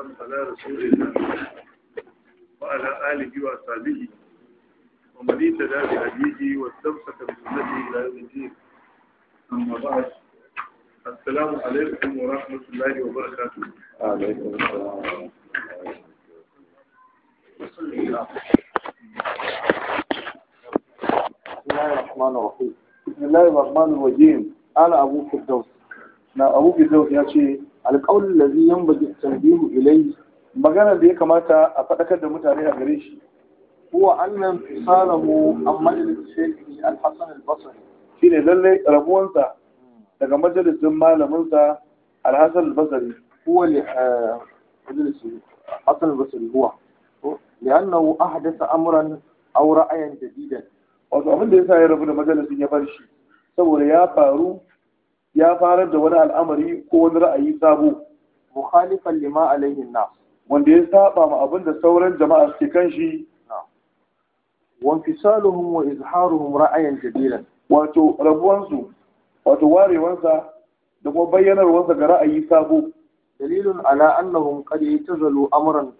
والسلام على رسول الله وعلى آله وأصحابه ومن اهتدى بهديه واستمسك بسنته إلى يوم الدين أما بعد السلام عليكم ورحمة الله وبركاته وعليكم السلام بسم الله الرحمن الرحيم بسم الله الرحمن الرحيم أنا أبو فردوس أنا أبو فردوس يا شيخ alƙawul lazi yan bagi tambihu ilai magana da ya kamata a faɗakar da mutane a gare shi huwa annan fisalahu an majalisin shaykhi al-hasan al-basri shine lalle rabuwansa daga majalisin malaminsa al-hasan al-basri huwa li eh, majalisin hasan al-basri huwa li'annahu ahdatha amran aw ra'ayan jadidan wato abin da yasa ya rabu da majalisin ya bar shi saboda ya faru ya farar da wani al'amari ko wani ra'ayi sabo mukhalifan lima alaihin na wanda ya saba ma abin da sauran jama'a suke kan shi wa fisaluhum wa izharuhum ra'ayan jadila wato rabuwansu wato warewansa da kuma bayyanarwansa ga ra'ayi sabo dalilun ala annahum qad yatazalu amran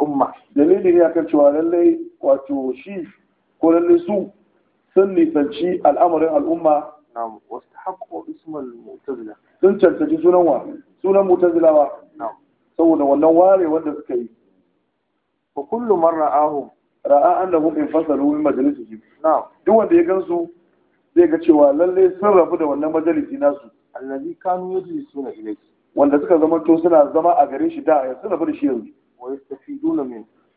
umma dalilin ya kan cewa lallai wato shi ko lallai su sun nisanci al'amarin al'umma na'am wastahaqqu ismal mu'tazila sun cancanci sunan wa sunan saboda wannan ware wanda suka yi wa kullu man ra'ahum ra'a annahum infasalu min majalisihim na'am duk wanda ya gansu zai ga cewa lalle sun rabu da wannan majalisi nasu allazi kanu suna ilayhi wanda suka zama to suna zama a gare shi da sun rabu da shi yanzu wa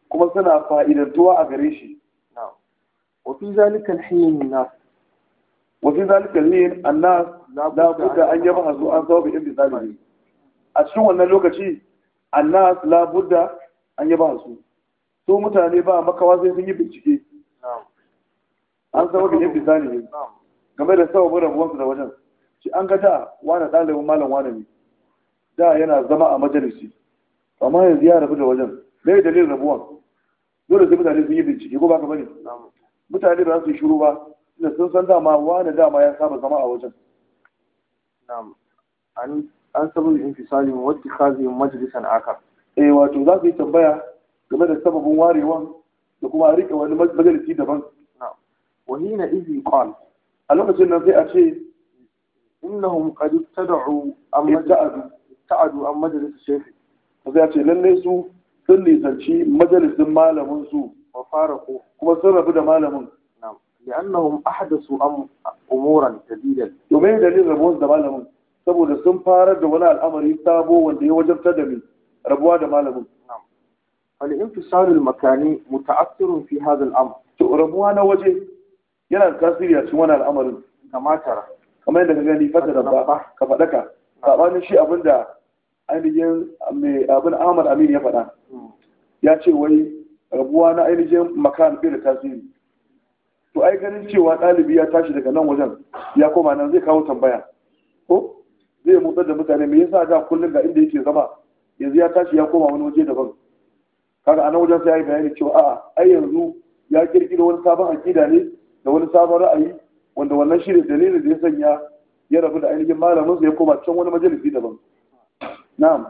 kuma suna fa'idatuwa a gare shi na'am wa fi nas وفي ذلك الحين الناس لا بد أن يبحثوا عن ثواب امتثاله أشو أن لوكشي الناس لا an أن يبحثوا su mutane ba makawa sai sun yi bincike an zama ga yin bisani ne game da sababin rabuwansu da wajen shi an ga da wani ɗalibin malam wani ne da yana zama a majalisi amma yanzu ya rabu da wajen mai dalilin rabuwan dole sai mutane sun yi bincike ko ba ka bane mutane ba su yi shiru ba da sun san dama wani dama ya saba zama a wajen na'am an an sabon infisalin wadda kazi majalisan Aka. eh wato za su yi tambaya game da sababin warewan da kuma a rike wani majalisi daban wani na izi kwan a lokacin nan sai a ce innahum qad ibtada'u amma eh. ta'adu ta'adu an majalis shaykh sai a ce lalle su sun lisanci majalisin malamin su wa fara ko kuma sun rabu da malamin لأنهم أحدثوا أم أمورا جديدا ومين دليل ربوز ده مالهم saboda sun farar da wani al'amari sabo wanda ya wajabtar da mai rabuwa da malamin فالانفصال المكاني متأثر في هذا الأمر تقربوها نوجه يلا الكاسير يتشمون الأمر كما ترى كما يدك غني فترة بابا كفتك فأبان شيء أبن دا ainihin abin Ahmad Amin ya faɗa ya ce wai rabuwa na ainihin makan bai da tasiri to ai ganin cewa ɗalibi ya tashi daga nan wajen ya koma nan zai kawo tambaya ko zai motsar da mutane me yasa da kullum ga inda yake zama yanzu ya tashi ya koma wani waje daban kaga anan wajen sai ya yi bayani cewa a'a ai yanzu ya kirkiro wani sabon aƙida ne da wani sabon ra'ayi wanda wannan shi ne dalilin da ya sanya ya rabu da ainihin malamin sa ya koma can wani majalisi daban na'am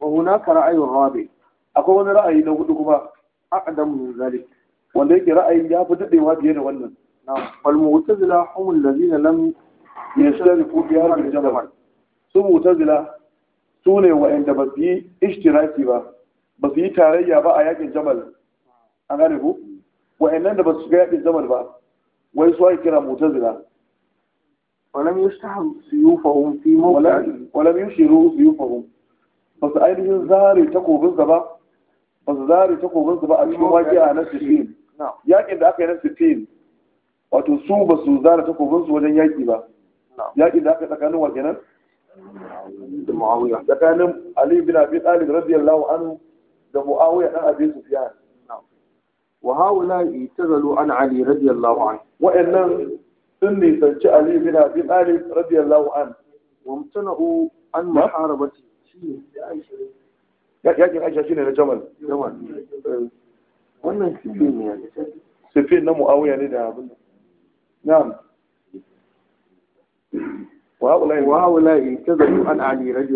wa hunaka ra'ayun rabi akwai wani ra'ayi na hudu kuma a'adamu zalik wanda yake ra'ayi ya fi daɗewa fiye da wannan da zina nan ya shi yashtariku fi hadhihi da jamal su mu'tazila su ne wa'anda ba su yi ishtiraki ba ba su yi tarayya ba a yakin jamal a gane ku wa'annan da ba su ga yakin jamal ba wai su ake kira mu'tazila ولم يشتهوا yi في موقع su يشيروا سيوفهم Ba su ainihin تكو takobinsa ba a cikin بالضبا a واجي أنا yakin da aka yi na sittin wato su ba su zara takobinsu wajen yaki ba yakin da aka yi tsakanin wa kenan tsakanin ali bin abi talib radiyallahu anhu da muawiya dan abi sufyan wa haula itazalu an ali radiyallahu anhu wa'annan sun nisanci ali bin abi talib radiyallahu anhu wa mtana'u an muharabati shi yakin aisha shine na jamal jamal wannan sufin ne ya fi sufin na muawiya ne da abin na'am wa haula ta zalu an ali